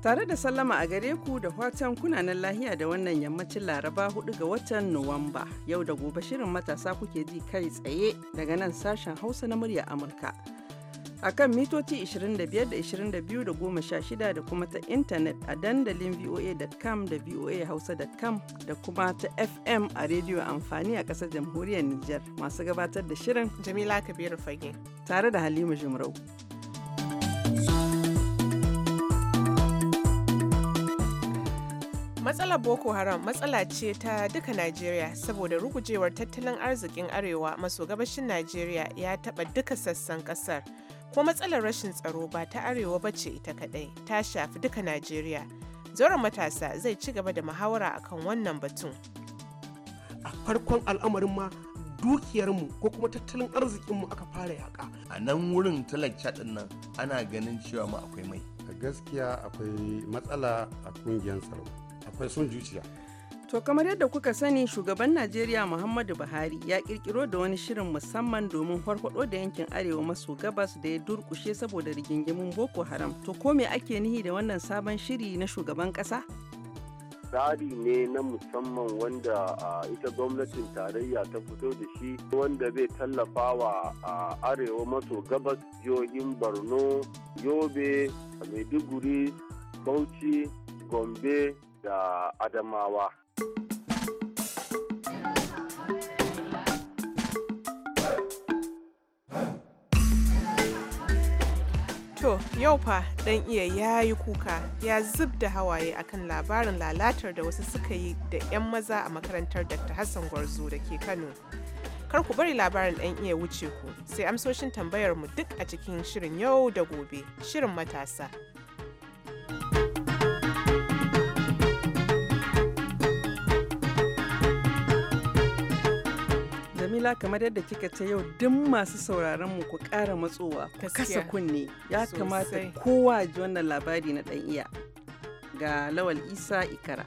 Tare da sallama a gare ku da watan kunanan lahiya da wannan yammacin Laraba 4 ga watan Nuwamba. Yau da gobe shirin matasa kuke ji kai tsaye daga nan sashen Hausa na murya Amurka. A kan mitoci 25 da 22 da 16 da kuma ta intanet a dandalin voa.com da voahausa.com da kuma ta FM a rediyo amfani a ƙasar jamhuriyar Nijar masu gabatar da shirin Jamila Kabiru Fage. Tare da Halima Jumrau. Matsalar Boko Haram matsala ce ta duka Najeriya saboda rugujewar tattalin arzikin Arewa maso gabashin Najeriya ya taba duka sassan ƙasar. Ko matsalar rashin tsaro ba ta Arewa ba ce ita kaɗai, ta shafi duka Najeriya. Zoron matasa zai ci gaba da muhawara akan wannan batun. A farkon al'amarin ma dukiyarmu ko kuma tattalin arzikinmu aka fara yaƙa. A nan wurin talakca nan ana ganin cewa ma akwai mai. gaskiya akwai matsala a kungiyar tsaro. akwai son zuciya To kamar yadda kuka sani shugaban Najeriya Muhammadu Buhari ya kirkiro da wani shirin musamman domin farfado da yankin Arewa maso gabas da ya durkushe saboda rigingimin Boko Haram. To ko me ake nihi da wannan sabon shiri na shugaban kasa? Tsari ne na musamman wanda ita gwamnatin tarayya ta fito da shi wanda zai tallafa wa Arewa maso gabas jihohin Borno, Yobe, Maiduguri, Bauchi, Gombe, da Adamawa. To, yau fa dan iya ya yi kuka ya zub da hawaye akan labarin lalatar da wasu suka yi da 'yan maza a makarantar Dr. Hassan Gwarzo da ke Kano. Kar ku bari labarin ɗan iya wuce ku, sai amsoshin tambayar mu duk a cikin shirin yau da gobe, shirin matasa. jamila kamar yadda kika ce yau duk masu sauraron mu ku kara matsowa ku kasa kunne ya kamata kowa ji wannan labari na ɗan iya ga lawal isa ikara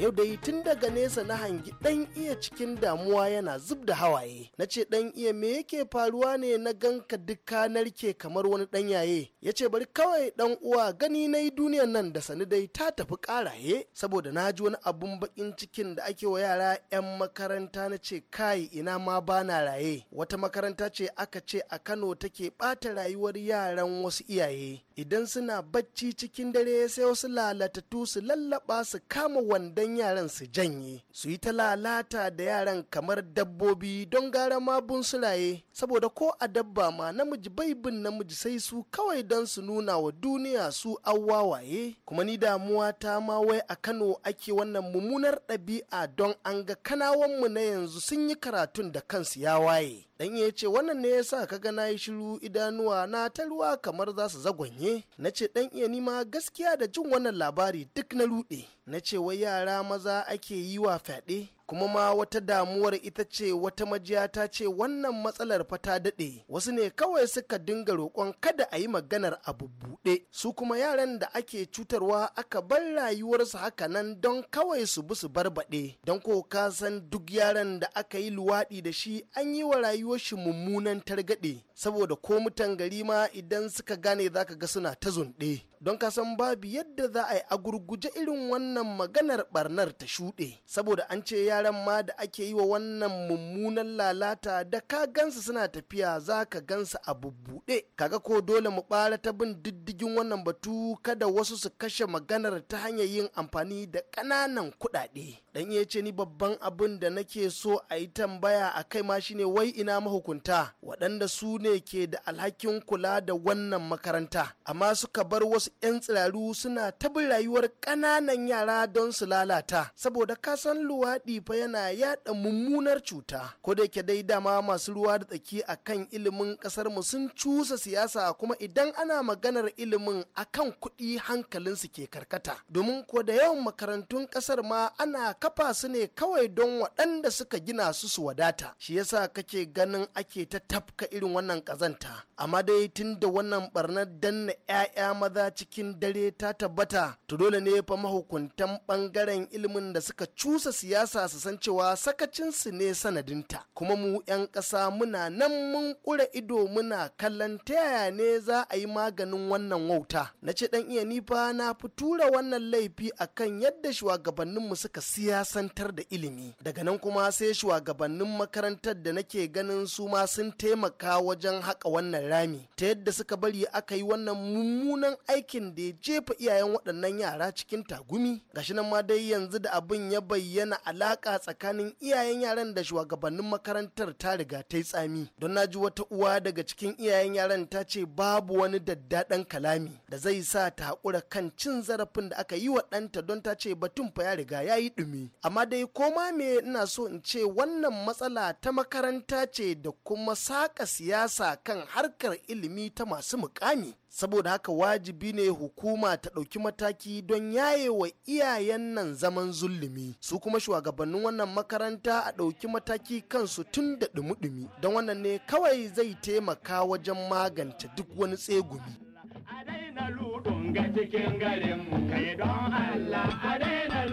yau da yi tun daga nesa na hangi dan iya cikin damuwa yana zub da hawaye na ce dan iya me yake faruwa ne na ganka duka narke kamar wani dan yaye ya ce bari kawai dan uwa gani na yi duniyan nan da sani dai ta tafi karaye saboda na ji wani abun bakin cikin da ake wa yara yan makaranta na ce kai ina ma bana raye wata makaranta ce aka ce a kano take bata rayuwar yaran wasu iyaye idan suna bacci cikin dare sai wasu lalatattu su lallaba su kama wanda don yaran su janye su yi ta lalata da yaran kamar dabbobi don gara ma bunsulaye saboda ko a dabba ma namiji bai bin namiji sai su kawai don su nuna wa duniya su awawaye kuma ni damuwa ta ma wai a Kano ake wannan mummunar ɗabi'a don an ga kanawanmu na yanzu sun yi karatun da kansu ya waye dan ya ce wannan ne yasa kaga na yi shiru idanuwa na ta ruwa kamar za su zagwanye na ce dan iya nima gaskiya da jin wannan labari duk na rude. na ce wai yara maza ake yi wa fyaɗe kuma ma wata damuwar ita ce wata majiya ta ce wannan matsalar fata daɗe wasu ne kawai suka dinga roƙon kada a yi maganar abu buɗe su kuma yaran da ake cutarwa aka bar rayuwarsu haka nan don kawai su bi su barbaɗe don ko ka san duk yaran da aka yi luwaɗi da shi an yi wa rayuwar shi mummunan targaɗe saboda ko mutan gari ma idan suka gane zaka ga suna ta zunɗe don kasan babu yadda za a yi a gurguje irin wannan maganar barnar ta shuɗe saboda an ce yaran ma da ake yi wa wannan mummunan lalata da ka gansu suna tafiya za ka gansu a bubbuɗe kaga ko dole mu ɓara ta bin diddigin wannan batu kada wasu su kashe maganar ta hanyar yin amfani da ƙananan kuɗaɗe dan iya ce ni babban abin da nake so a yi tambaya a kai ma shine wai ina mahukunta waɗanda su ne ke da alhakin kula da wannan makaranta amma suka bar wasu 'yan tsiraru suna tabin rayuwar ƙananan yara don su lalata saboda kasan luwaɗi fa yana yaɗa mummunar cuta ko da yake dai dama masu ruwa da tsaki akan ilimin ƙasar mu sun cusa siyasa kuma idan ana maganar ilimin akan kuɗi hankalin su ke karkata domin ko da yawan makarantun ƙasar ma ana kafa su ne kawai don waɗanda suka gina su su wadata shi yasa kake ganin ake ta tafka irin wannan ƙazanta amma dai tun da wannan barnar danna 'ya'ya maza cikin dare ta tabbata to dole ne fa mahukuntan bangaren ilimin da suka cusa siyasa su san cewa sakacinsu ne sanadinta kuma mu 'yan ƙasa muna nan mun ƙura ido muna kallon ta yaya ne za a yi maganin wannan wauta na ce dan iya nifa na fitura wannan laifi akan yadda shugabanninmu suka siyasantar da ilimi daga nan kuma sai shugabannin makarantar da nake ganin su ma sun taimaka wajen haƙa wannan rami ta yadda suka bari aka yi wannan mummunan aiki aikin da ya jefa iyayen waɗannan yara cikin tagumi gashi nan ma dai yanzu da abin ya bayyana alaƙa tsakanin iyayen yaran da shugabannin makarantar ta riga ta yi tsami don na ji wata uwa daga cikin iyayen yaran ta ce babu wani daddaɗan kalami da zai sa ta haƙura kan cin zarafin da aka yi wa ɗanta don ta ce batun fa ya riga ya yi ɗumi amma dai ko ma me ina so in ce wannan matsala ta makaranta ce da kuma saƙa siyasa kan harkar ilimi ta masu mukami saboda haka wajibi ne hukuma ta ɗauki mataki don yaye wa iyayen nan zaman zulumi su kuma shugabannin wannan makaranta a ɗauki mataki kansu tun da ɗumi-ɗumi don wannan ne kawai zai taimaka wajen magance duk wani tsegumi a daina cikin garinmu kai don allah a daina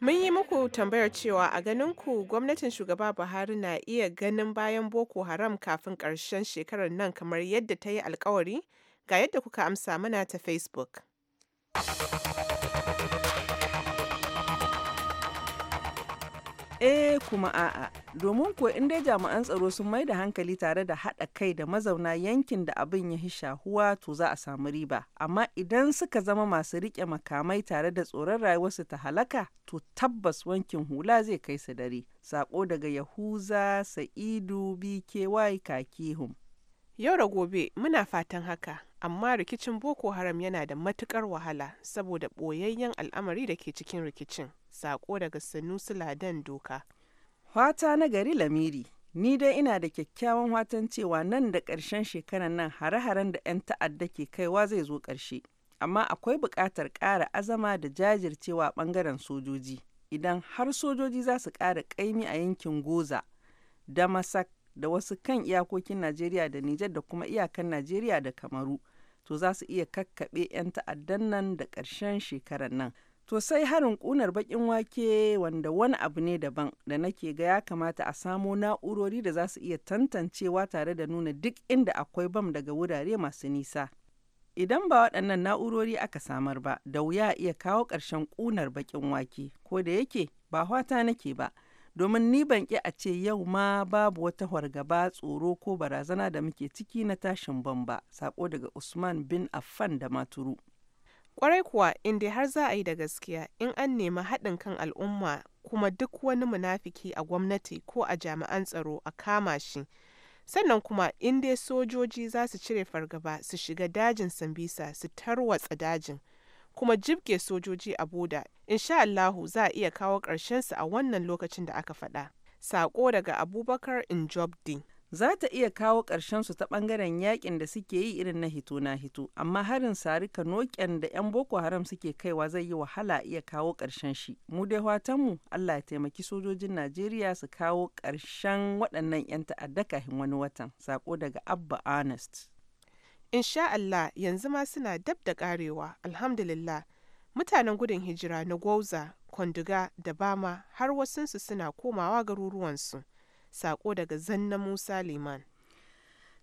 Mun yi muku tambayar cewa a ganin ku gwamnatin shugaba Buhari na iya ganin bayan Boko Haram kafin ƙarshen shekarar nan kamar yadda ta yi alkawari ga yadda kuka amsa mana ta Facebook. Eh kuma a'a, domin ko in dai jami'an tsaro sun mai da hankali tare da haɗa kai da mazauna yankin da abin ya shahuwa to za a samu riba. Amma idan suka zama masu riƙe makamai tare da tsoron rayuwarsu ta halaka to tabbas wankin hula zai kai su dare. Sako daga Yahuza Sa'idu BKY Kakihum. Yau da gobe muna fatan haka. amma rikicin boko haram yana da matukar wahala saboda ɓoyayyen al'amari da ke cikin rikicin sako daga sanusi ladan doka Wata na gari lamiri ni dai ina da kyakkyawan watan cewa nan da ƙarshen shekarar nan hare-haren da 'yan ta'adda ke kaiwa zai zo ƙarshe amma akwai buƙatar ƙara azama da jajircewa ɓangaren sojoji idan har sojoji za su ƙara ƙaimi a yankin goza da masak da wasu kan iyakokin najeriya da nijar da kuma iyakan najeriya da kamaru to za su iya kakkaɓe 'yan ta'addan nan da ƙarshen shekarar nan. To sai harin ƙunar baƙin wake wanda wani abu ne daban da nake ga ya kamata a samo na'urori da za su iya tantancewa tare da nuna duk inda akwai bam daga wurare masu nisa. Idan ba waɗannan na'urori aka samar ba, da wuya iya kawo ƙarshen ƙunar baƙin wake, ko da yake ba hwata nake ba. domin ni ban ƙi a ce yau ma babu wata hargaba tsoro ko barazana da muke ciki na tashin bomba sako daga usman bin affan da maturu kwarai kuwa in dai har za a yi da gaskiya in an nemi haɗin kan al'umma kuma duk wani munafiki a gwamnati ko a jami'an tsaro a kama shi sannan kuma in dai sojoji za su cire fargaba su shiga dajin sambisa su tarwatsa dajin kuma jibge sojoji a boda insha Allahu za a iya kawo su a wannan lokacin da aka faɗa. saƙo daga Abubakar Injobdi. Za ta iya kawo su ta ɓangaren yakin da suke yi irin na hito na hito, amma harin sari noken da 'yan Boko Haram suke kaiwa zai yi wahala iya kawo ƙarshen shi. Mu dai mu Allah ya taimaki sojojin Najeriya su kawo ƙarshen waɗannan 'yan ta'adda kafin wani watan. Sako daga Abba Honest. Insha Allah yanzu ma suna dab da ƙarewa, alhamdulillah, mutanen gudun hijira na Gwauza, Kwanduga da Bama har wasunsu suna komawa garuruwansu. saƙo daga Zanna Musa Liman.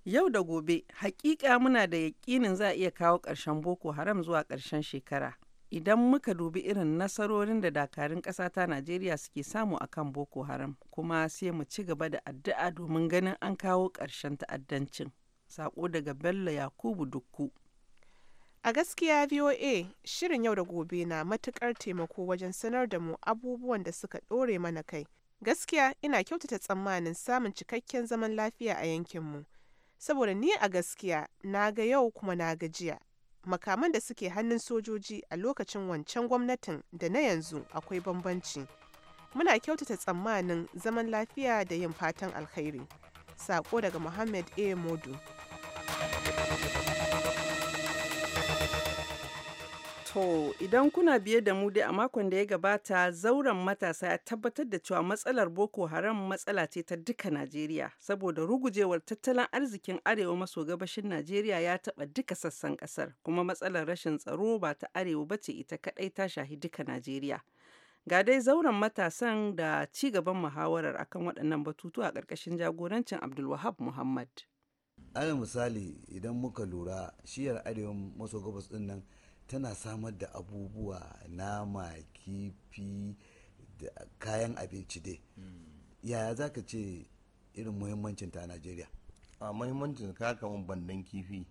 Yau da gobe, haƙiƙa muna da yaƙinin za a iya kawo ƙarshen Boko Haram zuwa ƙarshen shekara. Idan muka dubi irin nasarorin da dakarun ƙasa ta Najeriya suke samu a kan Boko Haram, kuma sai mu ci gaba da addu'a domin ganin an kawo ƙarshen ta'addancin. Sako daga Bello Yakubu Dukku. A gaskiya VOA shirin yau da gobe na matukar taimako wajen sanar da mu abubuwan da suka ɗore mana kai. Gaskiya ina kyautata tsammanin samun cikakken zaman lafiya a yankinmu. Saboda ni a gaskiya na ga yau kuma na ga jiya. Makaman da suke hannun sojoji a lokacin wancan gwamnatin da na yanzu akwai bambanci. Muna kyautata tsammanin zaman lafiya da yin fatan alkhairi. Sako daga Muhammad A. Modu. To, idan kuna biye da mu dai a makon da ya gabata zauren matasa ya tabbatar da cewa matsalar Boko Haram matsala ce ta duka Najeriya, saboda rugujewar tattalin arzikin arewa maso gabashin Najeriya ya taɓa duka sassan ƙasar, kuma matsalar rashin tsaro ba ta arewa ba ce ita kaɗai ta shahi duka Najeriya. Ga dai zauren matasan da ci gaban muhawarar akan waɗannan batutu a ƙarƙashin jagorancin Abdulwahab Muhammad. Alal misali idan muka lura shiyar arewa maso gabas ɗin nan tana samar da abubuwa nama kifi da kayan abinci dai hmm. yaya za ka ce irin muhimmancin ta a najeriya a muhimmancin ka bandan kifi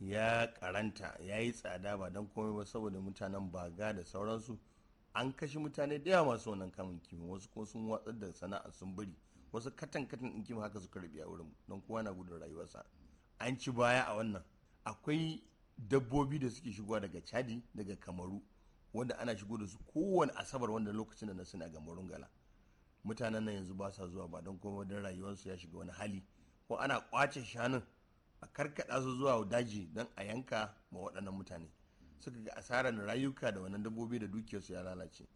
ya karanta ya yi tsada ba don komai ba saboda mutanen baga da sauransu an kashe mutane da yawa masu wannan kamun kifi wasu kuma sun watsar da sana'a sun bari wasu katan katan in kima haka suka rabi a wurin don kowa na gudun rayuwarsa an ci baya a wannan akwai dabbobi da suke shigowa daga chadi daga kamaru wanda ana shigo da su kowane asabar wanda lokacin da na suna ga gala mutanen nan yanzu ba sa zuwa ba don kuma don rayuwarsu ya shiga wani hali ko ana kwace shanun a karkada su zuwa daji don a yanka ma waɗannan mutane suka ga asarar rayuka da wannan dabbobi da dukiyarsu ya lalace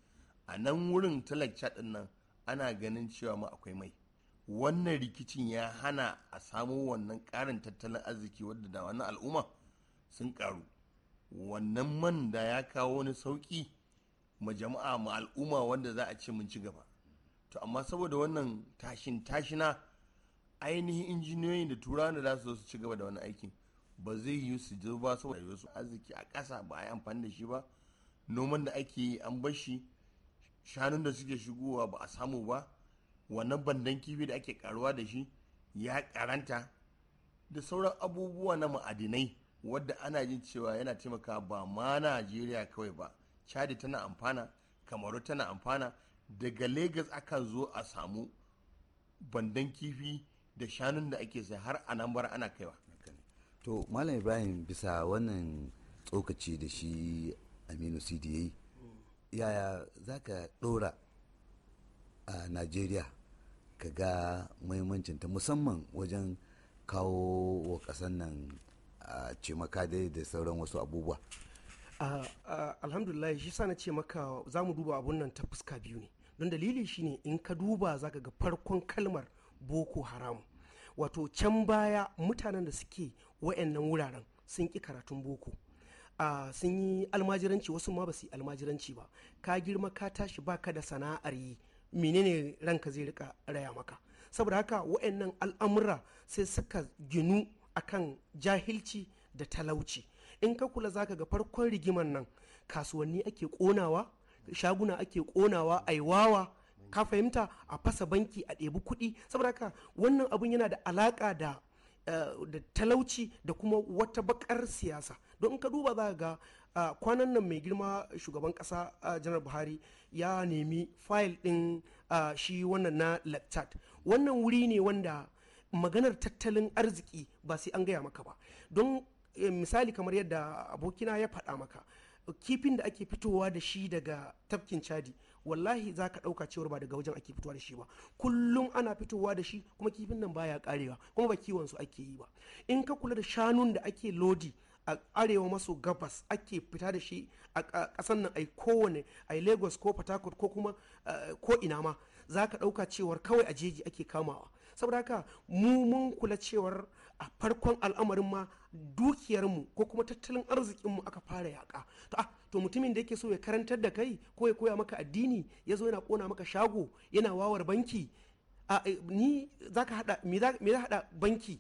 a nan wurin talak chadin nan ana ganin cewa ma akwai mai wannan rikicin ya hana a samu wannan ƙarin tattalin arziki wadda da wannan al'umma sun karu wannan man da ya kawo wani sauki ma jama'a ma al'umma wanda za a ce mun ci gaba to amma saboda wannan tashin tashina ainihin injiniyoyin da turawa za su zo su ci gaba da wani aikin ba zai yi su ji ba saboda wasu arziki a ƙasa ba a yi amfani da shi ba noman da ake yi an bar shi shanun da suke shigowa ba a samu ba wannan bandan kifi da ake karuwa da shi ya karanta da sauran abubuwa na ma'adinai wadda ana yin cewa yana taimaka ba ma najeriya kawai ba chadi tana amfana kamaru tana amfana daga lagos aka zo a samu bandan kifi da shanun da ake sai har anambra ana kaiwa to malam ibrahim bisa wannan tsokaci da shi aminu cd ya yaya za ka ɗora a najeriya ka ga muhimmancinta musamman wajen kawo wa ƙasar nan a ce maka dai da sauran wasu abubuwa alhamdulillah shi sa na ce maka za mu duba abun nan ta fuska biyu ne don dalili shine in ka duba za ka ga farkon kalmar boko haram wato can baya mutanen da suke wa'annan wuraren sun ƙi karatun boko uh, sun yi almajiranci wasu ma ba su yi almajiranci ba ka girma ka tashi baka da sana'ar yi menene ranka zai rika raya maka saboda haka wa'annan al'amura sai suka ginu akan jahilci da talauci in ka kula zaka ga farkon rigiman nan kasuwanni ake konawa shaguna ake konawa aiwawa ka fahimta a fasa banki a ɗebi kuɗi saboda haka wannan abun yana da alaƙa da eh, da talauci da kuma wata bakar siyasa don in ka duba za ga kwanan nan mai girma shugaban ƙasa janar buhari ya nemi fayil ɗin shi wannan na lactat wannan wuri ne wanda maganar tattalin arziki ba sai an gaya maka ba don eh, misali kamar yadda abokina ya faɗa maka kifin da ake fitowa da shi daga tafkin chadi wallahi za ka ɗauka cewar ba daga wajen ake fitowa da shi ba kullum ana fitowa da shi kuma kifin nan baya karewa kuma ba kiwon su ake yi ba in ka kula da shanun da ake lodi a arewa maso gabas ake fita da shi a ƙasan nan ai kowane ai lagos ko port ko kuma eh, ko ina ma za ka ɗauka cewar kawai a jeji ake kamawa saboda haka mu mun kula cewar a farkon al'amarin ma dukiyarmu ko kuma tattalin arzikinmu aka fara yaƙa to ah to mutumin da yake so ya karantar da kai ko ya koya maka addini ya zo yana kona maka shago yana wawar banki a eh, ni zaka hada me za hada banki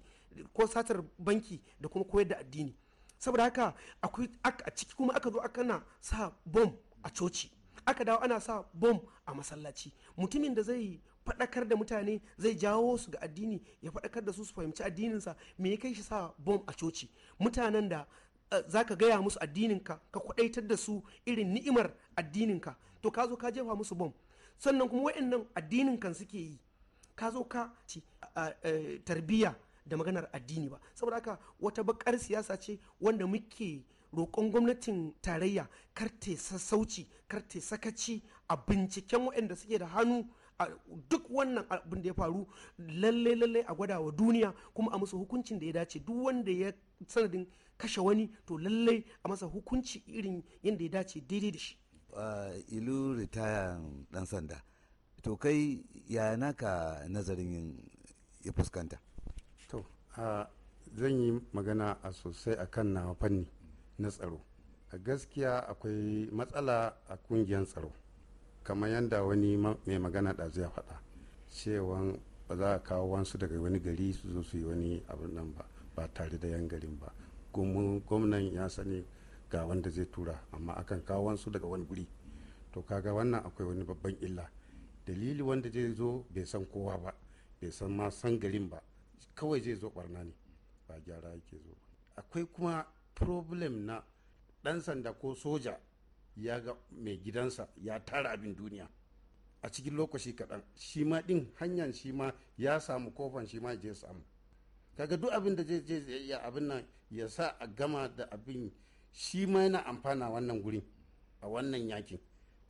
ko satar banki da kuma koyar da addini saboda haka akwai a ciki kuma aka zo aka na sa bom a coci aka dawo ana sa bom a masallaci mutumin da zai faɗakar da mutane zai jawo su ga addini ya faɗakar da su su fahimci addininsa me ya kai shi sa bom a coci mutanen da eh, za ka gaya musu addininka ka kwaɗaitar da su irin ni'imar addininka to ka zo ka jefa musu bom sannan kuma wa'annan addinin kan suke yi ka zo ka ci tarbiyya da maganar addini ba saboda haka wata bakar siyasa ce wanda muke roƙon gwamnatin tarayya karte sassauci kar sakaci a binciken waɗanda suke da hannu duk wannan abin da ya faru lalle lalle a gwada wa duniya kuma a musu hukuncin da ya dace duk wanda ya sanadin kashe wani to lalle a masa hukunci irin yadda ya dace daidai da shi ah, ilu ritaya dan sanda to kai ya naka nazarin ya fuskanta to zan yi magana a sosai akan nawa fanni na tsaro a gaskiya akwai matsala a kungiyar tsaro kamar yadda wani mai magana da ya faɗa cewa ba za a kawo wansu daga wani gari su zo su yi wani abin nan ba ba tare da yan garin ba gwamnan ya sani ga wanda zai tura amma akan kawo wansu daga wani guri to kaga wannan akwai wani babban illa dalili wanda zai zo bai san kowa ba bai san ma san garin ba kawai zai zo barna ne ba gyara yake zo akwai kuma problem na ɗan sanda ko soja ya ga mai gidansa ya tara abin duniya a cikin lokaci kaɗan shi ma ɗin hanyar shi ma ya samu kofan shi ma je samu kaga duk abin da zai je ya abin nan ya sa a gama da abin shi ma yana amfana wannan gurin a wannan yakin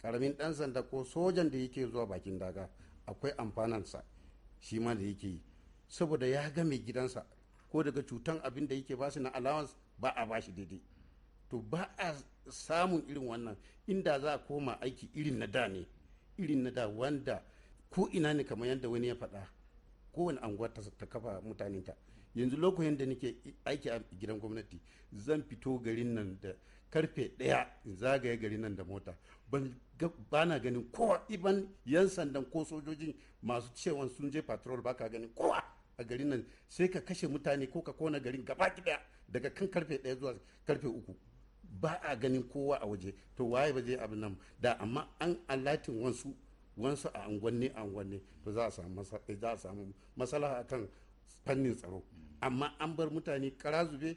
karamin ɗan sanda ko sojan da yake zuwa bakin daga akwai amfanansa shi ma da yake yi saboda ya ga mai gidansa ko daga cutan abin da yake basu na allowance ba a ba shi daidai to ba a samun irin wannan inda za a koma aiki irin na da ne irin na da wanda ko ina ne kamar yadda wani ya faɗa kowane anguwa ta kafa ta yanzu lokacin da nake aiki a gidan gwamnati zan fito garin nan da karfe ɗaya zagaye garin nan da mota ba na ganin kowa iban yan sandan ko sojojin masu cewa sun je patrol ba ka ganin kowa a garin nan sai ka kashe mutane ko ka kona garin gaba daya daga kan karfe ɗaya zuwa karfe uku ba a ganin kowa a waje to waye ba zai abin nan da amma an alatin wansu wansu a angwanni a angwanni to za a samu masala eh, akan fannin tsaro amma an bar mutane kara zube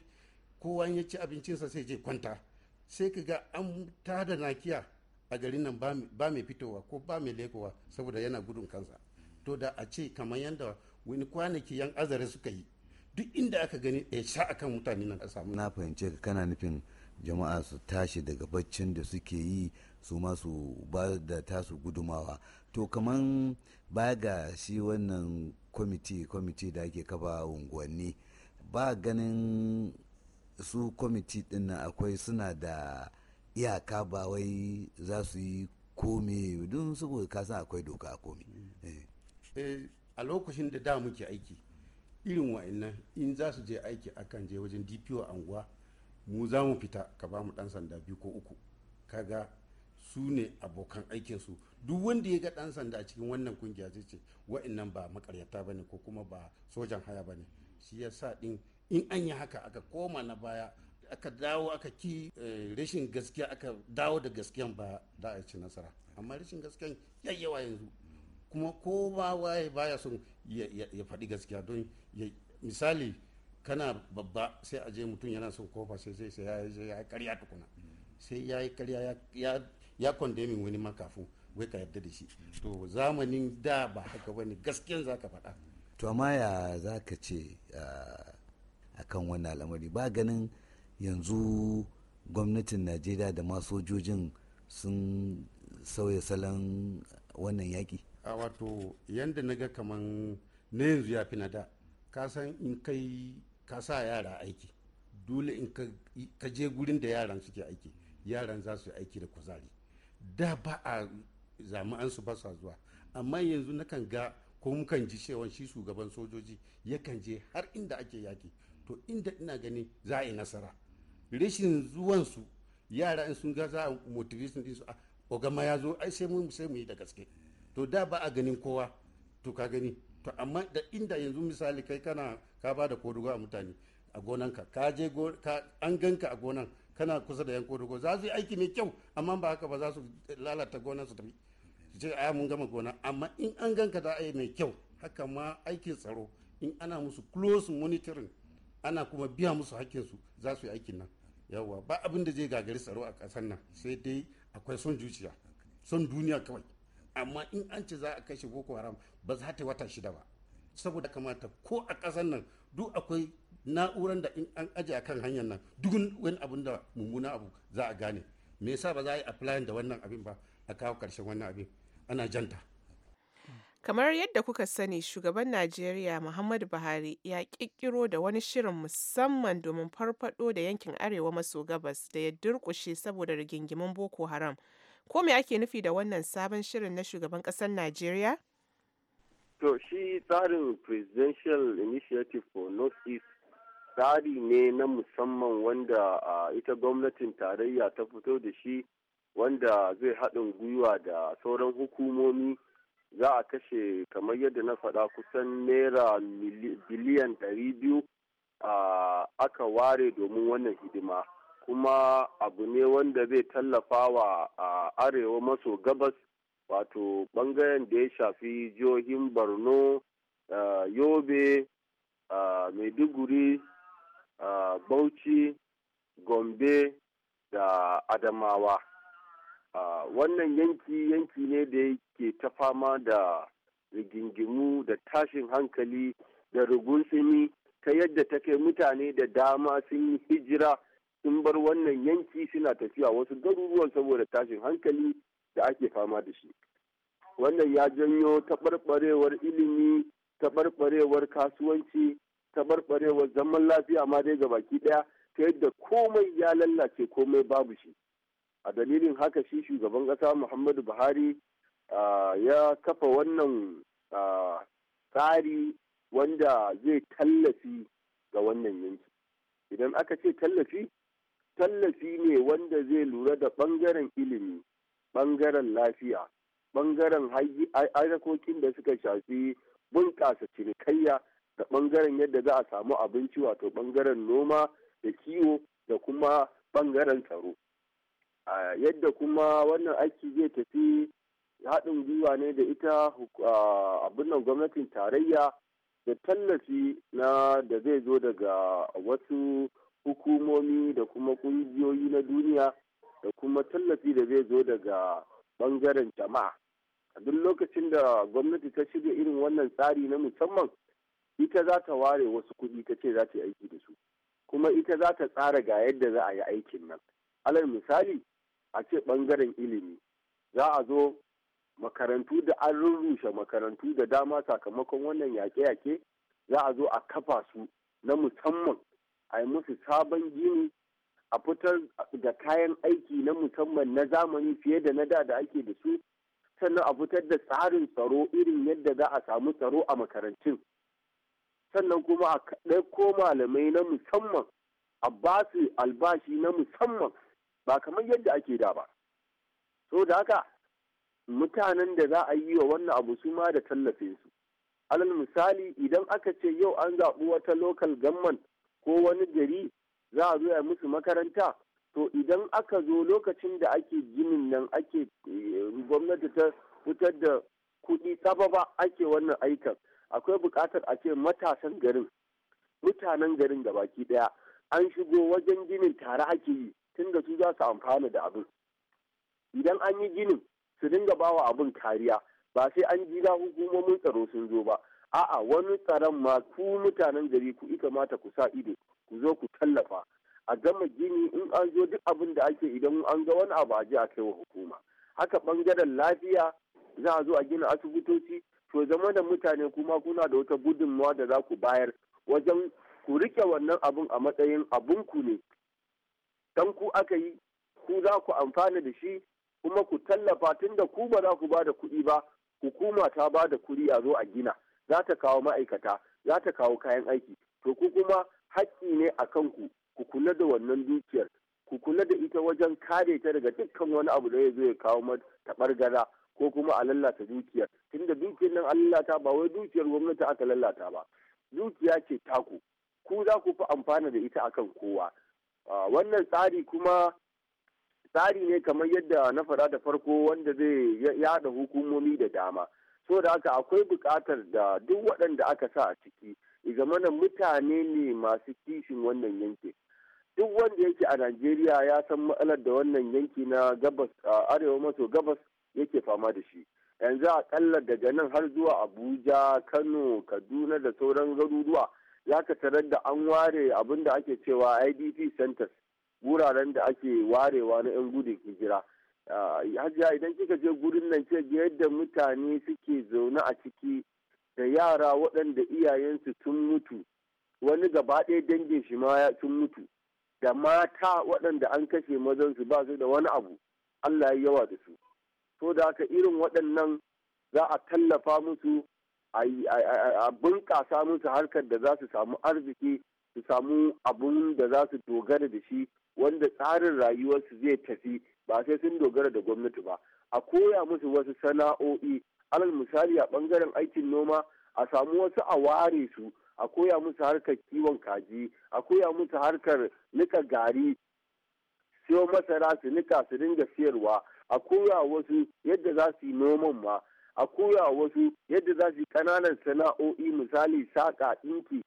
kowa ya ci abincinsa sai je kwanta sai ka ga an da nakiya a garin nan ba mai fitowa ko ba mai lekowa saboda yana gudun kansa to da a ce kamar yadda wani kwanaki yan azare suka yi duk inda aka gani ya eh, sha akan mutane nan a samu na fahimce ka kana nufin jama'a su tashi daga baccin da suke yi su masu ba da tasu gudumawa to kaman ba ga shi wannan kwamiti kwamiti da ake kafa unguwanni ba ganin su kwamiti din akwai suna da iyaka ba wai za su yi komi don saboda kasan akwai doka a komi eh. eh, a lokacin da da muke aiki irin wa'annan in za su je aiki akan je wajen dpo unguwa. mu za mu fita ka ba mu ɗan sanda biyu ko uku kaga su ne abokan aikinsu duk wanda ya ga dan sanda a cikin wannan kungiya zai ce wa'annan ba makaryata ba ne ko kuma ba sojan haya ba ne shi ya sa ɗin in an yi haka aka koma na baya aka dawo aka ki eh, rashin gaskiya aka dawo da gaskiyan ba da a ci nasara amma rashin gaskiyan yayyawa yanzu kuma ko ba waye baya son ya faɗi gaskiya don misali kana babba sai a je mutum yana son kofa sai sai sai ya yi karya tukuna sai ya yi karya ya kondemin wani makafu wai ka yarda da shi to zamanin da ba haka bane gaskiyan zaka faɗa to amma ya zaka ce akan wannan al'amari ba ganin yanzu gwamnatin najeriya da ma sojojin sun sauya salon wannan yaƙi a wato yadda na ga kaman na yanzu ya fi na da kasan in kai ka sa yara aiki dole in ka je gurin da yaran suke aiki yaran za su yi aiki da kuzari da ba a an su ba zuwa amma yanzu nakan ga ko mukan ji cewa shi shugaban sojoji yakan je har inda ake yaki to inda ina gani za a yi nasara rashin su yara in sun ga za a motivation din su a ah, ogama ya zo ai sai mu sai mu yi da gaske to da ba a ganin kowa to ka gani to amma da inda yanzu misali kai kana ka ba da kodugo a mutane a gonanka ka je an ganka a gonan kana kusa da yan kodugo za su yi aiki mai kyau amma ba haka ba za su lalata gonan su tafi ce ya mun gama gona amma in an ganka da yi mai kyau haka ma aikin tsaro in ana musu close monitoring ana kuma biya musu hakkin su za su yi aikin nan yawa ba abin da zai gagari tsaro a kasar nan sai dai akwai son zuciya son duniya kawai amma in an ce za a kashe boko haram ba za ta wata shida ba saboda kamata ko a ƙasar nan duk akwai na'urar da in an aje a kan hanyar nan duk wani abin da mummuna abu za a gane me yasa ba za a yi applying da wannan abin ba a kawo ƙarshen wannan abin ana janta kamar yadda kuka sani shugaban najeriya muhammadu buhari ya kirkiro da wani shirin musamman domin farfado da yankin arewa maso gabas da ya durkushe saboda rigingimin boko haram Ko me ake nufi da wannan sabon shirin na shugaban kasar Najeriya? To shi tsarin Presidential Initiative for North East tsari ne na musamman wanda ita gwamnatin tarayya ta fito da shi wanda zai haɗin gwiwa da sauran hukumomi za a kashe kamar yadda na faɗa kusan naira biliyan 200 aka ware domin wannan hidima. kuma abu ne wanda zai tallafa wa arewa maso gabas wato bangaren da ya shafi jihohin borno yobe maiduguri bauchi gombe da adamawa wannan yanki yanki ne da yake ta fama da rigingimu da tashin hankali da rugunsumi ta yadda ta kai mutane da dama sun yi hijira sun bar wannan yanki suna tafiya wasu garuruwan saboda tashin hankali da ake fama da shi wannan ya janyo taɓarɓarewar ilimi taɓarɓarewar kasuwanci taɓarɓarewar zaman lafiya ma dai baki ɗaya ta yadda komai ya lallace komai babu shi a dalilin haka shi shugaban ƙasa muhammadu buhari ya kafa wannan tsari wanda zai tallafi ga wannan yanki idan aka ce tallafi tallafi ne wanda zai lura da ɓangaren ilimi bangaren lafiya bangaren harkokin da suka shafi bunƙasa cinikayya da bangaren yadda za a samu abinci wato ɓangaren noma da kiwo da kuma bangaren tsaro yadda kuma wannan aiki zai tafi haɗin gwiwa ne da ita abinnan gwamnatin tarayya da tallafi na da zai zo daga wasu hukumomi da kuma ƙungiyoyi na duniya da kuma tallafi da zai zo daga ɓangaren jama'a a duk lokacin da gwamnati ta shirya irin wannan tsari na musamman ita za ta ware wasu kuɗi ta ce za ta yi aiki da su kuma ita za ta tsara ga yadda za a yi aikin nan alal misali a ce ɓangaren ilimi za a zo makarantu da an rurrushe makarantu da dama sakamakon wannan yaƙe-yaƙe za a zo a kafa su na musamman a yi musu sabon gini a fitar da kayan aiki na musamman na zamani fiye da na da da ake da su sannan a fitar da tsarin tsaro irin yadda za a samu tsaro a makarantun sannan kuma a ko malamai na musamman a ba su albashi na musamman ba kamar yadda ake da ba so da haka mutanen da za a yi wa wannan abu su ma da tallafe su alal misali idan aka ce yau an zaɓi wata local gamman ko wani gari za a zo a musu makaranta to idan aka zo lokacin da ake ginin nan ake eh, gwamnati ta fitar da kuɗi ba ake wannan aikan akwai buƙatar a ce matasan garin mutanen garin da baki ɗaya an shigo wajen ginin tare ake yi tun da su za su amfana da abin idan an yi ginin su dinga bawa abin kariya ba sai an jira hukumomin tsaro sun zo ba a'a wani tsaron ma ku mutanen gari ku kamata ku sa ido ku zo ku tallafa a gama gini in an zo duk abin da ake idan an ga wani abu a je a kai wa hukuma haka bangaren lafiya za a zo a gina asibitoci to zama da mutane kuma kuna da wata gudunmawa da za ku bayar wajen ku rike wannan abun a matsayin abun ku ne dan ku aka yi ku za ku amfana da shi kuma ku tallafa tunda ku ba za ku ba da kuɗi ba hukuma ta ba da kuɗi a zo a gina za ta kawo ma'aikata za ta kawo kayan aiki to ku kuma haƙƙi ne a kanku ku kula da wannan dukiyar ku kula da ita wajen kare ta daga dukkan wani abu da ya zo ya kawo taɓar ko kuma a lallata dukiyar tunda dukiyar nan an lallata ba wai dukiyar gwamnati aka lallata ba dukiya ce taku ku za ku fi amfana da ita akan kowa wannan tsari kuma tsari ne kamar yadda na faɗa da farko wanda zai yaɗa hukumomi da dama so da haka akwai bukatar da duk waɗanda aka sa a ciki mana mutane ne masu kishin wannan yanki duk wanda yake a najeriya ya san matsalar da wannan yanki na gabas arewa maso gabas yake fama da shi yanzu a kalla daga nan har zuwa abuja kano kaduna da sauran garuruwa ya ka tarar da an ware abin da ake cewa idp centers wuraren da ake warewa na 'yan gudun hijira Ah, hajiya idan kika je gurin nan ke yadda mutane suke zaune a ciki da yara waɗanda iyayensu tun mutu wani gaba ɗaya dangin shi ma tun mutu da mata waɗanda an kashe mazansu ba su da wani abu Allah ya yawa da su so da haka irin waɗannan za a tallafa musu a bunƙasa musu harkar da za su samu arziki su samu abun da za su dogara da shi wanda tsarin rayuwarsu zai tafi ba sai sun dogara da gwamnati ba a koya musu wasu sana'o'i alal misali a bangaren aikin noma a samu wasu a ware su a koya musu harkar kiwon kaji a koya musu harkar nika gari siyo masara su nika su dinga siyarwa a koya wasu yadda za su yi noman ma a koya wasu yadda za su yi ƙananan sana'o'i misali saƙa ɗinki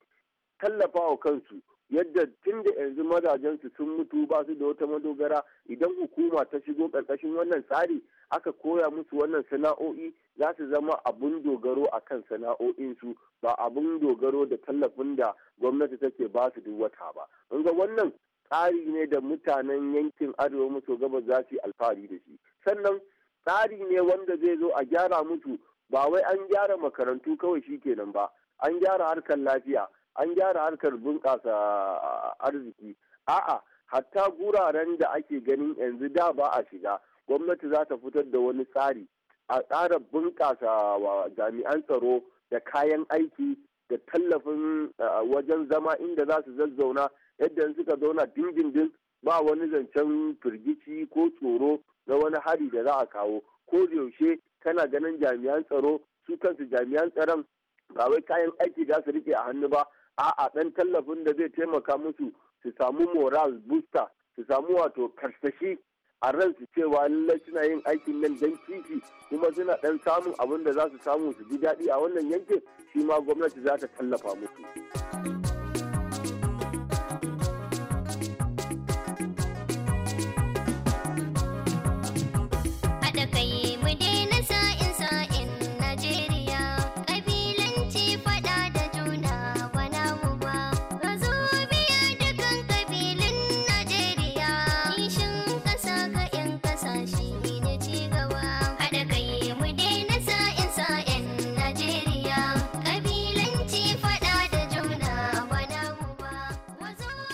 tallafa wa kansu yadda tun da yanzu mazajensu sun mutu ba su da wata madogara idan hukuma ta shigo karkashin wannan tsari aka koya musu wannan sana'o'i za su zama abun dogaro a kan sana'o'insu ba abun dogaro da tallafin da gwamnati take ba su duk wata ba. ga wannan tsari ne da mutanen yankin arewa maso gabas za su yi alfahari da shi. Sannan tsari ne wanda zai zo a gyara mutu ba wai an gyara makarantu kawai shi kenan ba an gyara harkar lafiya an gyara harkar bunƙasa arziki a'a hatta guraren da ake ganin yanzu da ba a shiga gwamnati za ta fitar da wani tsari a tsara bunƙasa wa jami'an tsaro da kayan aiki da tallafin wajen zama inda za su zazzauna yadda suka zauna dindindin ba wani zancen firgici ko tsoro na wani hari da za a kawo ko yaushe tana ganin jami'an tsaro su kansu jami'an tsaron ba wai kayan aiki za su rike a hannu ba a'a ɗan tallafin da zai taimaka musu su samu moral booster su samu wato karsashi a ransu cewa lallai suna yin aikin nan dan kifi kuma suna dan samun abin da za su samu su ji daɗi a wannan yankin shi ma gwamnati za ta tallafa musu.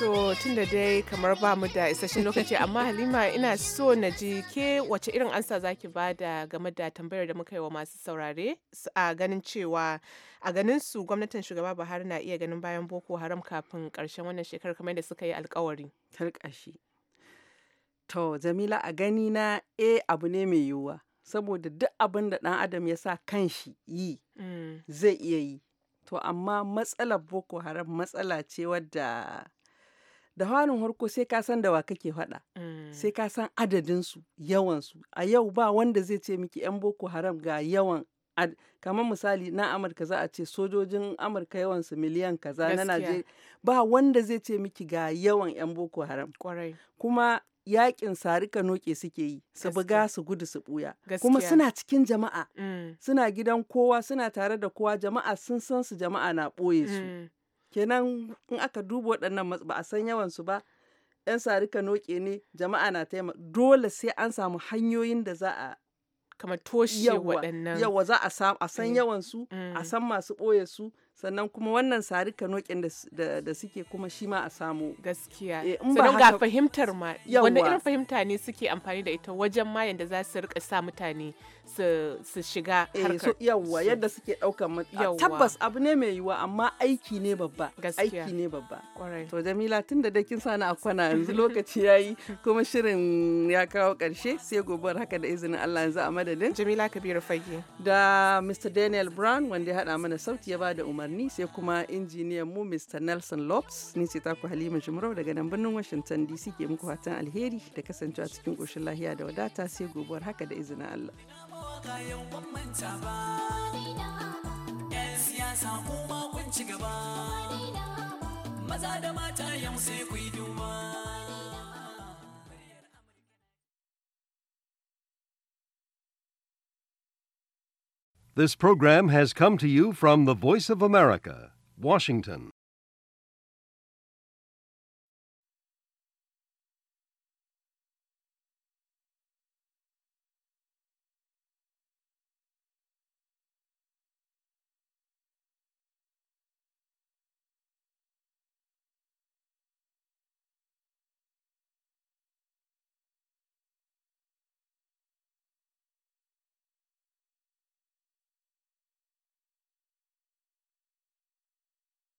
so tun da dai kamar ba mu da isasshen lokaci amma halima ina so na ji ke wace irin ansa zaki da game da tambayar da muka yi wa masu saurare a ganin cewa a ganin su gwamnatin shugaba buhari na iya ganin bayan boko haram kafin karshen wannan shekarar kamar da suka yi alkawari tarkashi to jamila a gani na eh abu ne mai yiwuwa saboda duk abin da ɗan adam ya sa kan shi yi mm. zai iya yi to amma matsalar boko haram matsala ce wadda da harin harko sai ka san da wa kake faɗa mm. sai ka san adadinsu yawansu a yau ba wanda zai ce miki 'yan boko haram ga yawan kamar misali na amurka za a ce sojojin amurka yawansu miliyan kaza na najeriya ba wanda zai ce miki ga yawan 'yan boko haram kuma yakin sarika noke suke yi su buga su gudu su buya kuma suna cikin jama'a mm. suna gidan kowa suna tare da kowa jama'a sun san su jama'a na ɓoye su mm. kenan in aka duba waɗannan ba a san yawan su ba yan sarika noke ne jama'a na taimaka dole sai an samu hanyoyin da za a Kama toshe waɗannan yawa za a san mm, yawan su a mm. san masu ɓoye su sannan kuma wannan sari noke da suke kuma shi ma a samu gaskiya eh, sannan ga fahimtar ma wanda irin fahimta ne suke amfani da ita wajen ma yadda za su rika sa mutane su shiga eh, harkar. Yawwa yadda suke ɗaukan tabbas abu ne mai yiwuwa amma aiki ne babba. Aiki ne babba. To Jamila tun da kin sani a kwana yanzu lokaci ya kuma shirin ya kawo ƙarshe sai gobar haka da izinin Allah yanzu a madadin. Jamila Kabiru Fage. Da Mr. Daniel Brown wanda ya haɗa mana sauti ya bada umarni sai kuma injiniyan mu Mr. Nelson Lopes ni ce taku Halima Jumrau daga nan birnin Washington DC ke muku fatan alheri da kasancewa cikin koshin lahiya da wadata sai gobuwar haka da izinin Allah. yau ban manta ba siyasa kuma kun ci gaba maza da mata yau sai ku yi duba This program has come to you from the Voice of America, Washington.